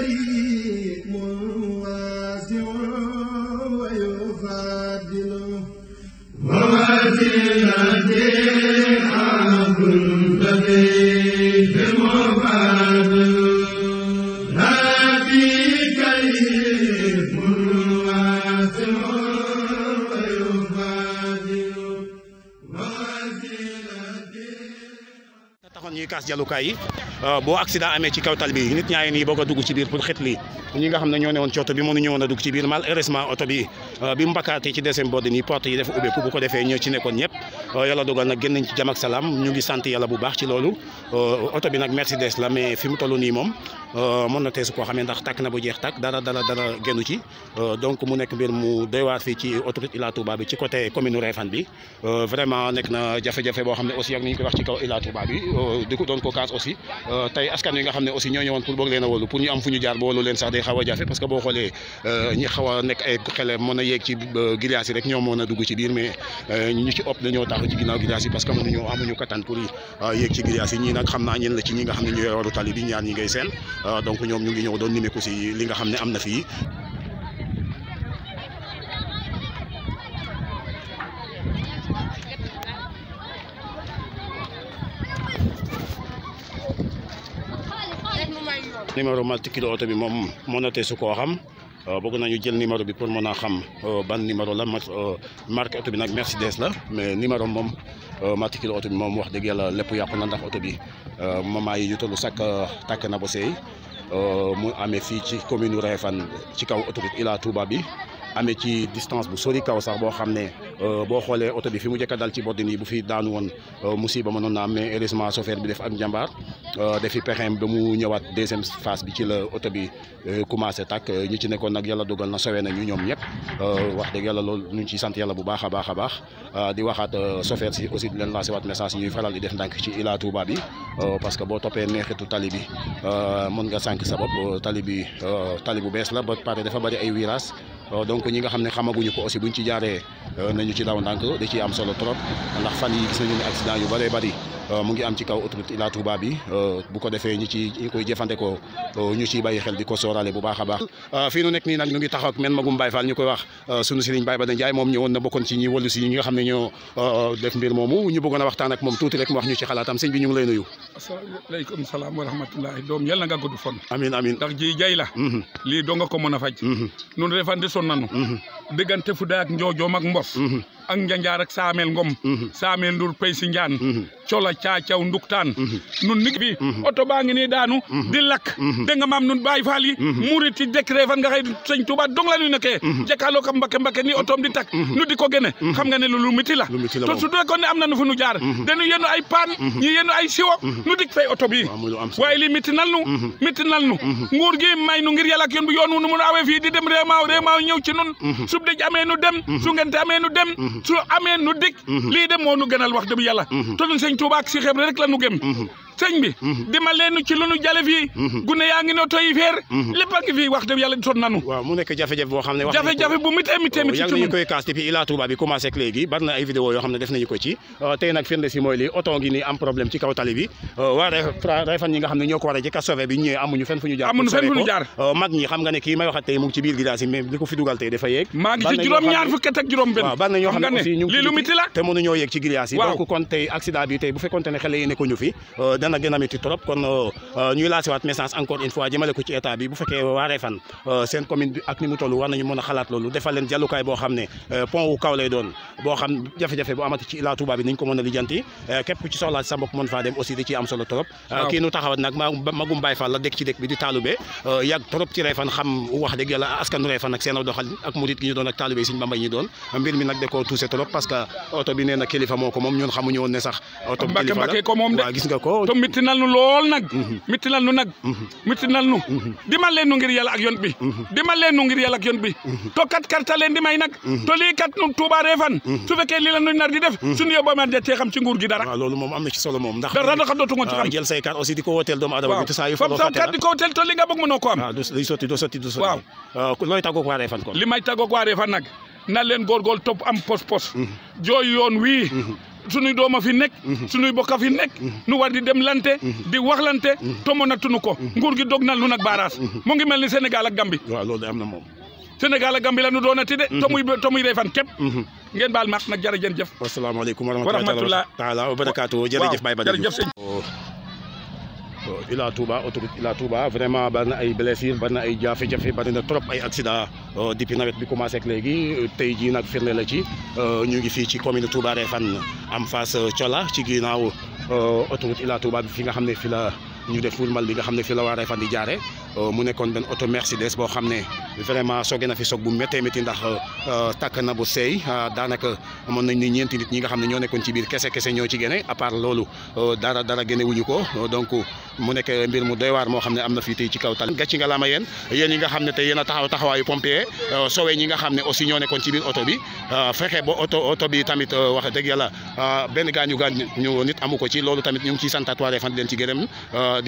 فريق واسع ويفاضل ووزيرة حمد لطيف taxoon ñuy euh, boo accident amee ci kaw nit ñaa ngi nii bëgg a dugg ci biir pour xet lii ñi nga xam ne ñoo ne woon ci oto bi mënuñu woon a dugg ci biir malheureusement oto bi euh, bi mu mbakkaatee ci deuxième bord nii porte yi dafa ubbeeku bu ko defee ñoo ci nekkoon ñëpp euh, yàlla dogal nag génn nañ salaam ñu ngi sant yàlla bu baax ci loolu oto bi nag Mercedes la mais fi mu toll nii moom Euh, mën na teesu koo xamee ndax tàkk na bu jeex tàkk dara dara dara génnu ci euh, donc mu nekk mbir mu doy waar fii ci autoroute Ila Touba bi ci côté commune Réfane bi euh, vraiment nekk na jafe-jafe boo xam ne aussi ñoo ñëwoon pour bëgg leen a wóolu pour ñu am fu ñu jaar ba wóolu leen sax day xaw a jafe parce que boo xoolee ñi xaw a nekk ay xele mën a yéeg ci giliaas yi rek ñoo mën a dugg ci biir mais ñu ci ëpp dañoo taxaw ci ginnaaw giliaas yi parce que mënuñu amuñu kattan naa ñeen la ñi nga xam ne ñoo waru Euh, donc ñoom ñu ngi ñëw doon nimeku si li nga xam ne am na fii numéro matricule oto bi moom moonate su koo xam euh, bëgg nañu jël numéro bi pour mën a xam euh, ban numéro la marque oto bi nag Mercedes la mais numéro moom matricule oto bi moom wax dëgg yàlla lépp yàqu na ndax oto Euh, moment yi ñu toll sax euh, takk na ba seey euh, mu amee fii ci commune u Réfane ci kaw autoroute Ila Touba bi amee ci distance bu sori kaw sax boo xam ne boo xoolee oto bi fi mu njëkk a dal ci boddin yi bu fi daanu woon musiba mënoon na am mais heureusement bi def am njàmbaar dafi pexeem ba mu ñëwaat deuxième phase bi ci la oto bi commencé tàkk ñi ci nekkoon nag yàlla dogal na sowe nañu ñoom ñëpp wax dëgg yàlla loolu ñu ci ciy sant yàlla bu baax a baax a baax di waxaat chauffeur si aussi di leen lancé waat message ñuy faral di def ndànk ci Ila Touba bi Euh, parce que boo toppee neexitu tali bi euh, mën nga sànq sa bopp euh, tali bi tali bu bees la ba pare dafa bari ay virage donc ñi nga xam ne xamaguñu ko aussi buñ ci jaaree nañu ci daw ndànk da ciy am solo trop ndax fan yi gis nañu ne yu bëree bari Euh, mu ngi am ci kaw autoroute Ila Touba bi euh, bu ko defee ñi ci ñi koy jëfandikoo euh, ñu ciy bàyyi xel di ko sóoraale bu baax a baax fi nu nekk nii nag ñu ngi taxaw ak men magum Baye Fall ñu koy wax sunu sëriñ Baye Bada Ndiaye moom ñëwoon na bokkoon ci ñi wàllu si ñi nga xam ne ñoo def mbir moomu ñu bëggoon a waxtaan ak moom tuuti rek mu wax ñu ci xalaatam sëñ bi ñu ngi lay nuyu asalaamaaleykum salaam wa rahmatullahi doom yàlla nga gudd fon amiin amiin ndax ji jay la mhm. lii doo nga a faj mhm. nun ak njanjaar ak saamel ngom mhm. saamel ndur pay si njaan mhm. cola caacaw nduktaan mhm. nun nigi bi oto baa ngi nii daanu di lakk dégg nga maam nun bàyyi faal yi muriti décret fan nga xëy sëñ Tuuba dong la ñuy nekkee jàkkaarloo ka mbake mbake ni otoom di takk nu di ko génne xam nga ne lu miti la to su fekkoon ne am na nu fu nu jaar dañu yenu ay paan ñi yenu ay siwo nu dik fay oto bi waaye lii nu miti nu nguur gi may nu ngir yàlla ak bu yoon nu mun su amee nu dikk mm-hmm. lii dem moo nu gënal wax dëgg yàlla mm-hmm. to ñun sëñ Tuubaa ak si xebre rek la nu gëm mm-hmm. sëñ bi mhm. dima ci lu nu jale fii mhm. gune yaa ngi no toyi feer mhm. lépp ak fii wax dëgg nanu waaw mu nekk jafe-jafe bu mit amit amit mag ñi xam nga ne kii may waxat tey mu ci biir gidaas mais li fi dugal tey dafa yéeg maa ngi ci juróom ñaar fukk ak juróom benn bari na ñoo xam ne aussi ñu ngi te mënuñoo yéeg ci gidaas yi donc kon tey accident bi tey bu fekkoon ne xale yi ne ko ñu fi oh, dana gën a métti trop kon euh, euh, ñuy lancé waat message encore une fois jëmale ko ci état bi bu fekkee waa Refane euh, seen commune ak ni mu toll war nañu mën a xalaat loolu defal leen boo xam ne pont wu kaw lay doon boo xam jafe-jafe bu amati ci Ila Touba bi niñ ko mën nag magum Baye Fall la dëkk ci dëkk bi di taalube yàgg trop ci Refane xam wax dëgg yàlla askanu Refane ak ak murit gi ñu doon ak taalube Sëñ Bamba ñu doon mbir mi nag da mitti nu lool nag mm-hmm. mitti nu nag mm-hmm. mitti nu mm-hmm. dimal leen nu ngir yàlla ak dimal leen nu ngir yàlla ak to kat leen di nag to lii kat nu Tuuba su fekkee lii la def suñu yóbboo ma dee xam ci nguur gi dara loolu moom am na ci solo moom ndax dara da xam dootu ngoon xam jël say kaar di ko woteel doomu nga bëgg mënoo ko am du sotti du sotti du sotti waaw looy tàggoog waa Refane kon li may tàggoog waa Refane nag na leen góorgóor topp am pos pos sunuy doom a fi nekk mm-hmm. sunuy bokk a fi nekk mm-hmm. nu war di dem lante mm-hmm. di wax lante tomo natunu ko nguur gi dog na lu nag baaraas mu ngi mel ni senegal ak Gambie waaw loolu de am na moom Sénégal ak Gambie la nu doonati de tomuy tomuy reefan képp ngeen baal max nag jërëjëf jëf wasalaamaaleykum wa rahmatulah taala wa barakaatu jërëjëf Baye Badara Diouf Ila Touba autoroute Ila Touba vraiment bari na ay blessures bari na ay jafe-jafe bari na trop ay accident euh, depuis nawet bi commencé ak léegi euh, tey ji nag firnde la ci euh, ñu ngi fii ci commune Touba Refane am face Thiola ci giinaaw autoroute Ila Touba fi nga xam ne fi la ñu def mal bi nga xam ne fi la waa Refane di jaare Euh, mu nekkoon benn oto Mercedes boo xam ne vraiment sooge na fi soog bu méttee métti ndax euh, euh, tàkk na bu seey daanaka amoon nañ ni ñeenti nit ñi nga xam ne ñoo nekkoon ci biir kese kese ñoo ci génne à part loolu dara dara génne wuñu ko donc mu nekk mbir mu doy waar moo xam ne am na fii tey ci kaw tal gàcci nga laama yéen yéen yi nga xam ne tey yéen a taxaw taxawaayu pompier soowee ñi nga xam ne aussi ñoo nekkoon ci biir oto bi fexe ba oto oto bi tamit wax dëgg yàlla benn gaañu gaañu nit amu ko ci loolu tamit ñu ngi ciy santaat waa Refane di leen gërëm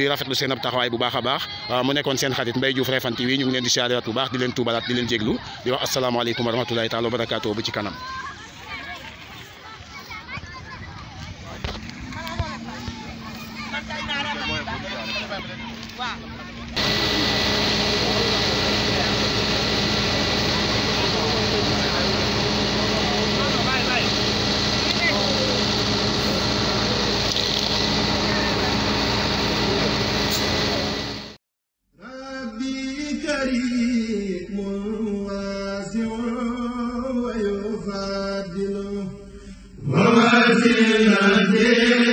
rafetlu seen taxawaay bu baax a baax mu nekkoon nekkoon seen xarit Mbaye Diouf Refane TV ñu ngi leen di siyaaraat bu baax di leen tuubalaat di leen jéglu di wax asalaamaaleykum wa rahmatulahi taala wa bu ci kanam فاضل وما زلنا